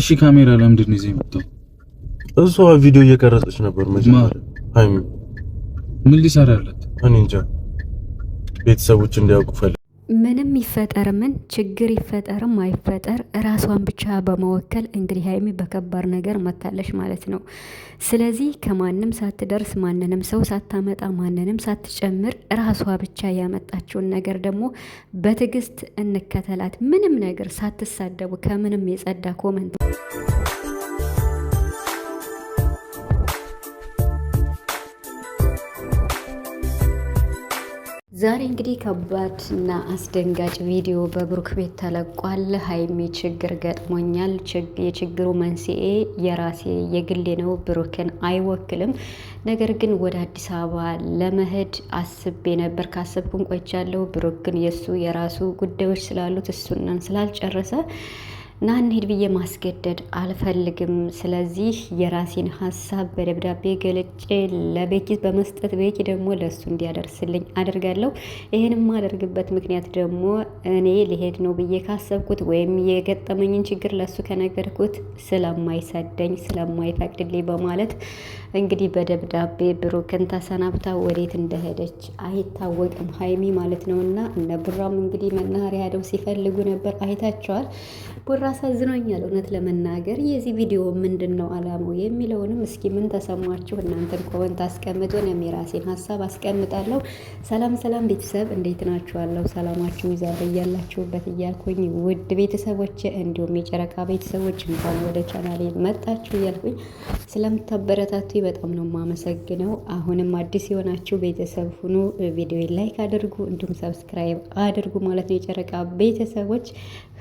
እሺ ካሜራ ለምንድን ነው ይዘህ የመጣው? እሷ ቪዲዮ እየቀረጸች ነበር። መጀመሪያ ሀይሚ ምን ሊሰራላት? እኔ እንጃ። ቤተሰቦች እንዲያውቁ ፈልግ ምንም ይፈጠር ምን ችግር ይፈጠርም አይፈጠር ራሷን ብቻ በመወከል እንግዲህ ሀይሚ በከባድ ነገር መታለች ማለት ነው። ስለዚህ ከማንም ሳትደርስ ማንንም ሰው ሳታመጣ ማንንም ሳትጨምር ራሷ ብቻ ያመጣችውን ነገር ደግሞ በትዕግስት እንከተላት። ምንም ነገር ሳትሳደቡ ከምንም የጸዳ ኮመንት ዛሬ እንግዲህ ከባድ እና አስደንጋጭ ቪዲዮ በብሩክ ቤት ተለቋል። ሀይሚ ችግር ገጥሞኛል፣ የችግሩ መንስኤ የራሴ የግሌ ነው፣ ብሩክን አይወክልም። ነገር ግን ወደ አዲስ አበባ ለመሄድ አስቤ ነበር፣ ካሰብኩን ቆይቻለሁ። ብሩክ ግን የእሱ የራሱ ጉዳዮች ስላሉት እሱናን ስላልጨረሰ ና እንሂድ ብዬ ማስገደድ አልፈልግም። ስለዚህ የራሴን ሀሳብ በደብዳቤ ገልጬ ለቤኪ በመስጠት ቤኪ ደግሞ ለእሱ እንዲያደርስልኝ አደርጋለሁ። ይህን የማደርግበት ምክንያት ደግሞ እኔ ሊሄድ ነው ብዬ ካሰብኩት ወይም የገጠመኝን ችግር ለእሱ ከነገርኩት ስለማይሰደኝ ስለማይፈቅድልኝ በማለት እንግዲህ በደብዳቤ ብሩክን ተሰናብታ ወዴት እንደሄደች አይታወቅም ሀይሚ ማለት ነው። እና እነ እንግዲህ መናኸሪያ ሄደው ሲፈልጉ ነበር አይታቸዋል። ቡራ አሳዝኖኛል እውነት ለመናገር የዚህ ቪዲዮ ምንድን ነው አላማው የሚለውንም እስኪ ምን ተሰማችሁ እናንተን ኮመንት አስቀምጡ እኔም የራሴን ሀሳብ አስቀምጣለሁ ሰላም ሰላም ቤተሰብ እንዴት ናችኋለሁ ሰላማችሁ ይዛለ እያላችሁበት እያልኩኝ ውድ ቤተሰቦች እንዲሁም የጨረቃ ቤተሰቦች እንኳን ወደ ቻናሌ መጣችሁ እያልኩኝ ስለምታበረታቱ በጣም ነው የማመሰግነው አሁንም አዲስ የሆናችሁ ቤተሰብ ሁኑ ቪዲዮ ላይክ አድርጉ እንዲሁም ሰብስክራይብ አድርጉ ማለት ነው የጨረቃ ቤተሰቦች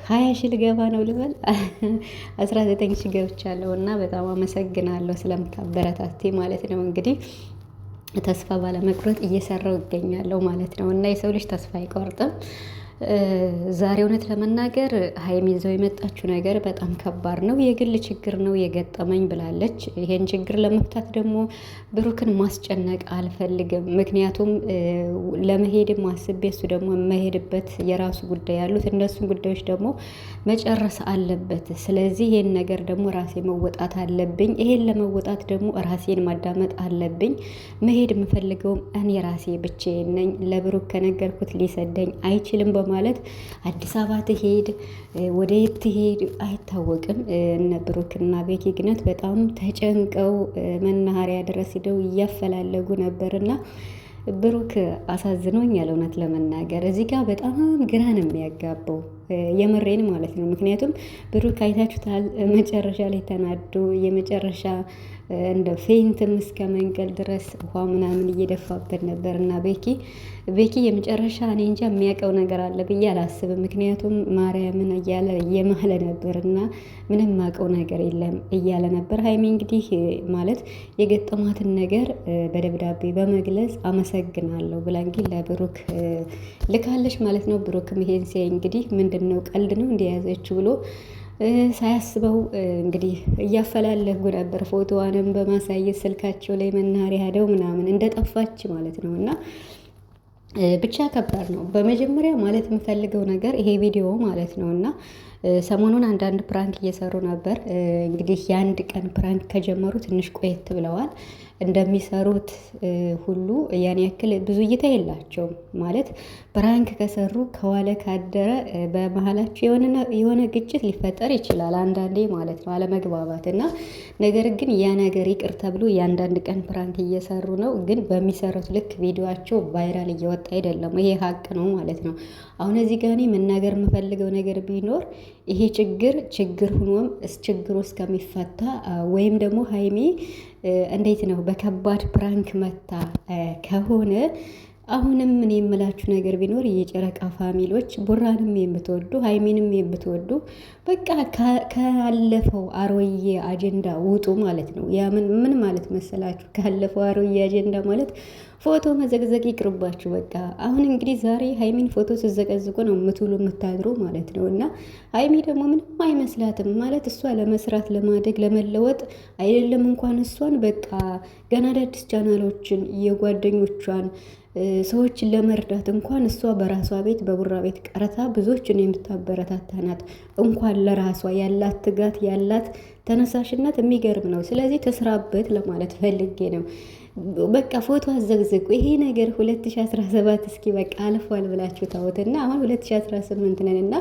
ሀያ ሺ ልገባ ነው ልበል አስራ ዘጠኝ ሺ ገብቻለሁ እና በጣም አመሰግናለሁ ስለምታበረታቴ ማለት ነው እንግዲህ ተስፋ ባለመቁረጥ እየሰራው ይገኛለሁ ማለት ነው እና የሰው ልጅ ተስፋ አይቆርጥም። ዛሬ እውነት ለመናገር ሀይሚ ይዘው የመጣችው ነገር በጣም ከባድ ነው። የግል ችግር ነው የገጠመኝ ብላለች። ይሄን ችግር ለመፍታት ደግሞ ብሩክን ማስጨነቅ አልፈልግም። ምክንያቱም ለመሄድ አስቤ እሱ ደግሞ የመሄድበት የራሱ ጉዳይ ያሉት እነሱን ጉዳዮች ደግሞ መጨረስ አለበት። ስለዚህ ይሄን ነገር ደግሞ ራሴ መወጣት አለብኝ። ይሄን ለመወጣት ደግሞ ራሴን ማዳመጥ አለብኝ። መሄድ የምፈልገውም እኔ ራሴ ብቻዬን ነኝ። ለብሩክ ከነገርኩት ሊሰደኝ አይችልም። ማለት አዲስ አበባ ትሄድ ወደ የት ትሄድ አይታወቅም። እነ ብሩክና ቤኪ ግነት በጣም ተጨንቀው መናኸሪያ ድረስ ሂደው እያፈላለጉ ነበርና ብሩክ አሳዝኖኛል። እውነት ለመናገር እዚህ ጋር በጣም ግራ ነው የሚያጋባው፣ የምሬን ማለት ነው። ምክንያቱም ብሩክ አይታችሁታል፣ መጨረሻ ላይ ተናዶ የመጨረሻ እንደ ፌንትም እስከ መንቀል ድረስ ውሃ ምናምን እየደፋበት ነበር እና ቤኪ ቤኪ የመጨረሻ እኔ እንጃ የሚያውቀው ነገር አለ ብዬ አላስብም። ምክንያቱም ማርያምን እያለ እየማለ ነበር እና ምንም የማውቀው ነገር የለም እያለ ነበር። ሀይሚ እንግዲህ ማለት የገጠማትን ነገር በደብዳቤ በመግለጽ አመሰግናለሁ ብላ እንግዲህ ለብሩክ ልካለች ማለት ነው። ብሩክም ይሄን ሲያይ እንግዲህ ምንድን ነው ቀልድ ነው እንደያዘችው ብሎ ሳያስበው እንግዲህ እያፈላለጉ ነበር። ፎቶዋንም በማሳየት ስልካቸው ላይ መናኸሪያ ሄደው ምናምን እንደጠፋች ማለት ነው እና ብቻ ከባድ ነው። በመጀመሪያ ማለት የምፈልገው ነገር ይሄ ቪዲዮ ማለት ነው እና ሰሞኑን አንዳንድ ፕራንክ እየሰሩ ነበር። እንግዲህ የአንድ ቀን ፕራንክ ከጀመሩ ትንሽ ቆየት ብለዋል። እንደሚሰሩት ሁሉ ያን ያክል ብዙ እይታ የላቸውም። ማለት ፕራንክ ከሰሩ ከዋለ ካደረ በመሀላቸው የሆነ ግጭት ሊፈጠር ይችላል፣ አንዳንዴ ማለት ነው አለመግባባት እና ነገር ግን ያ ነገር ይቅር ተብሎ የአንዳንድ ቀን ፕራንክ እየሰሩ ነው። ግን በሚሰሩት ልክ ቪዲዮቸው ቫይራል እየወጣ ወጥ አይደለም። ይሄ ሀቅ ነው ማለት ነው። አሁን እዚህ ጋር እኔ መናገር የምፈልገው ነገር ቢኖር ይሄ ችግር ችግር ሁኖም ችግሩ እስከሚፈታ ወይም ደግሞ ሀይሜ እንዴት ነው በከባድ ፕራንክ መታ ከሆነ አሁንም ምን የምላችሁ ነገር ቢኖር የጨረቃ ፋሚሎች ቡራንም የምትወዱ ሀይሚንም የምትወዱ በቃ ካለፈው አሮዬ አጀንዳ ውጡ ማለት ነው። ያ ምን ማለት መሰላችሁ? ካለፈው አሮዬ አጀንዳ ማለት ፎቶ መዘግዘግ ይቅርባችሁ። በቃ አሁን እንግዲህ ዛሬ ሀይሚን ፎቶ ስዘቀዝቁ ነው የምትውሉ የምታድሩ ማለት ነው። እና ሀይሚ ደግሞ ምንም አይመስላትም ማለት እሷ ለመስራት ለማደግ ለመለወጥ አይደለም እንኳን እሷን በቃ ገና አዳዲስ ቻናሎችን የጓደኞቿን ሰዎችን ለመርዳት እንኳን እሷ በራሷ ቤት በቡራ ቤት ቀርታ ብዙዎችን የምታበረታታ ናት። እንኳን ለራሷ ያላት ትጋት ያላት ተነሳሽነት የሚገርም ነው። ስለዚህ ተስራበት ለማለት ፈልጌ ነው። በቃ ፎቶ አዘግዝቁ። ይሄ ነገር 2017 እስኪ በቃ አልፏል ብላችሁ ታወትና አሁን 2018 ነን እና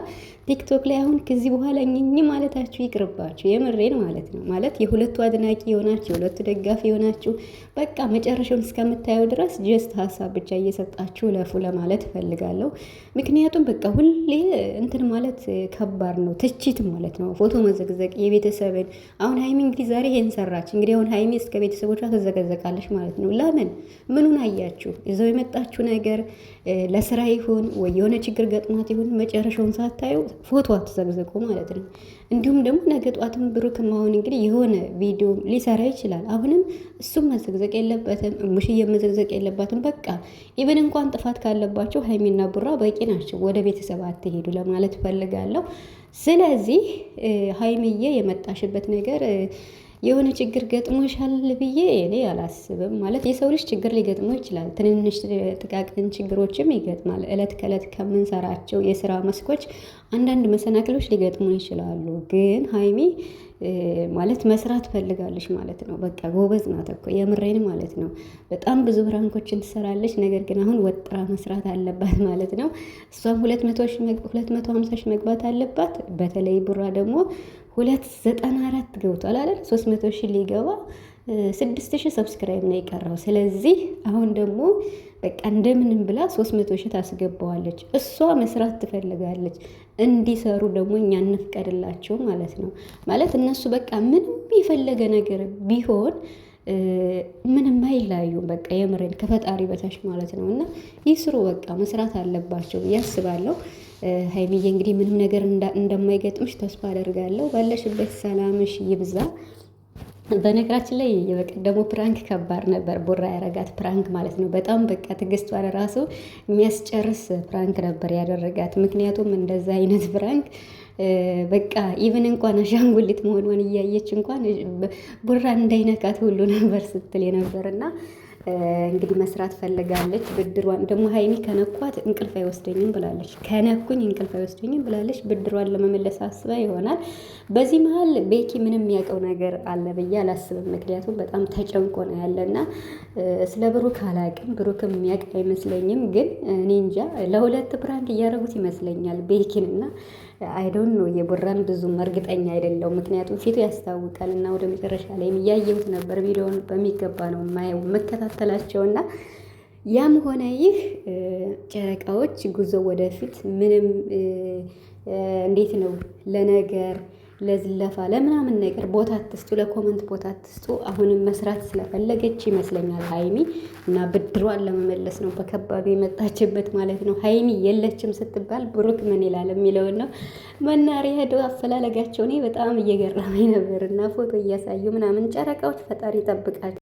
ቲክቶክ ላይ አሁን ከዚህ በኋላ እኝኝ ማለታችሁ ይቅርባችሁ። የምሬን ማለት ነው። ማለት የሁለቱ አድናቂ የሆናችሁ የሁለቱ ደጋፊ የሆናችሁ በቃ መጨረሻውን እስከምታየው ድረስ ጀስት ሀሳብ ብቻ እየሰጣችሁ ለፉ ለማለት እፈልጋለሁ። ምክንያቱም በቃ ሁሌ እንትን ማለት ከባድ ነው፣ ትችት ማለት ነው። ፎቶ መዘግዘቅ የቤተሰብን አሁን ሀይሚ እንግዲህ ዛሬ ይሄን ሰራች። እንግዲህ አሁን ሀይሚ እስከ ቤተሰቦቿ ትዘቀዘቃለች ማለት ነው። ለምን ምኑን አያችሁ? እዛው የመጣችሁ ነገር ለስራ ይሁን ወይ የሆነ ችግር ገጥማት ይሁን መጨረሻውን ሳታዩ ፎቶ አትዘቅዘቁ ማለት ነው። እንዲሁም ደግሞ ነገ ጧትም ብሩክ ማሆን እንግዲህ የሆነ ቪዲዮ ሊሰራ ይችላል። አሁንም እሱም መዘቅዘቅ የለበትም፣ ሙሽዬ መዘቅዘቅ የለባትም። በቃ ኢቨን እንኳን ጥፋት ካለባቸው ሀይሚና ቡራ በቂ ናቸው። ወደ ቤተሰብ አትሄዱ ለማለት ፈልጋለሁ። ስለዚህ ሀይሚዬ የመጣሽበት ነገር የሆነ ችግር ገጥሞሻል ብዬ እኔ አላስብም። ማለት የሰው ልጅ ችግር ሊገጥሞ ይችላል። ትንንሽ ጥቃቅን ችግሮችም ይገጥማል። እለት ከእለት ከምንሰራቸው የስራ መስኮች አንዳንድ መሰናክሎች ሊገጥሙ ይችላሉ። ግን ሀይሚ ማለት መስራት ፈልጋለች ማለት ነው። በቃ ጎበዝ ናት እኮ የምሬን ማለት ነው። በጣም ብዙ ብራንኮችን ትሰራለች። ነገር ግን አሁን ወጥራ መስራት አለባት ማለት ነው። እሷም ሁለት መቶ ሀምሳ ሺህ መግባት አለባት። በተለይ ቡራ ደግሞ ሁለት ዘጠና አራት ገብቷል አለ ሶስት መቶ ሺህ ሊገባ ስድስት ሺህ ሰብስክራይብ ነው የቀረው። ስለዚህ አሁን ደግሞ በቃ እንደምንም ብላ ሶስት መቶ ሺህ ታስገባዋለች። እሷ መስራት ትፈልጋለች። እንዲሰሩ ደግሞ እኛ እንፍቀድላቸው ማለት ነው። ማለት እነሱ በቃ ምንም የፈለገ ነገር ቢሆን ምንም አይላዩም በቃ የምሬን ከፈጣሪ በታች ማለት ነው። እና ይስሩ በቃ መስራት አለባቸው ያስባለሁ። ሀይሚዬ እንግዲህ ምንም ነገር እንደማይገጥምሽ ተስፋ አደርጋለሁ። ባለሽበት ሰላምሽ ይብዛ። በነገራችን ላይ የበቀደሙ ፕራንክ ከባድ ነበር። ቡራ ያረጋት ፕራንክ ማለት ነው። በጣም በቃ ትዕግስቷን ራሱ የሚያስጨርስ ፕራንክ ነበር ያደረጋት። ምክንያቱም እንደዛ አይነት ፕራንክ በቃ ኢቨን እንኳን አሻንጉሊት መሆኗን እያየች እንኳን ቡራ እንዳይነካት ሁሉ ነበር ስትል የነበር እና እንግዲህ መስራት ፈልጋለች። ብድሯን ደግሞ ሀይሚ ከነኳት እንቅልፍ አይወስደኝም ብላለች። ከነኩኝ እንቅልፍ አይወስደኝም ብላለች። ብድሯን ለመመለስ አስባ ይሆናል። በዚህ መሀል ቤኪ ምንም የሚያውቀው ነገር አለ ብዬ አላስብም። ምክንያቱም በጣም ተጨንቆ ነው ያለና ስለ ብሩክ አላቅም፣ ብሩክም የሚያውቅ አይመስለኝም። ግን እኔ እንጃ ለሁለት ብራንድ እያደረጉት ይመስለኛል ቤኪንና አይዶን ነው የቡራን ብዙም እርግጠኛ አይደለው። ምክንያቱም ፊቱ ያስታውቃል እና ወደ መጨረሻ ላይም እያየሁት ነበር። ቪዲዮን በሚገባ ነው መከታተላቸው መከታተላቸውና ያም ሆነ ይህ ጨረቃዎች ጉዞ ወደፊት ምንም እንዴት ነው ለነገር ለዝለፋ ለምናምን ነገር ቦታ አትስጡ፣ ለኮመንት ቦታ አትስጡ። አሁንም መስራት ስለፈለገች ይመስለኛል ሀይሚ እና ብድሯን ለመመለስ ነው በከባዱ የመጣችበት ማለት ነው። ሀይሚ የለችም ስትባል ብሩክ ምን ይላል የሚለውን ነው። መናሪ ሄዶ አፈላለጋቸው እኔ በጣም እየገረመኝ ነበር እና ፎቶ እያሳዩ ምናምን ጨረቃዎች ፈጣሪ ይጠብቃል።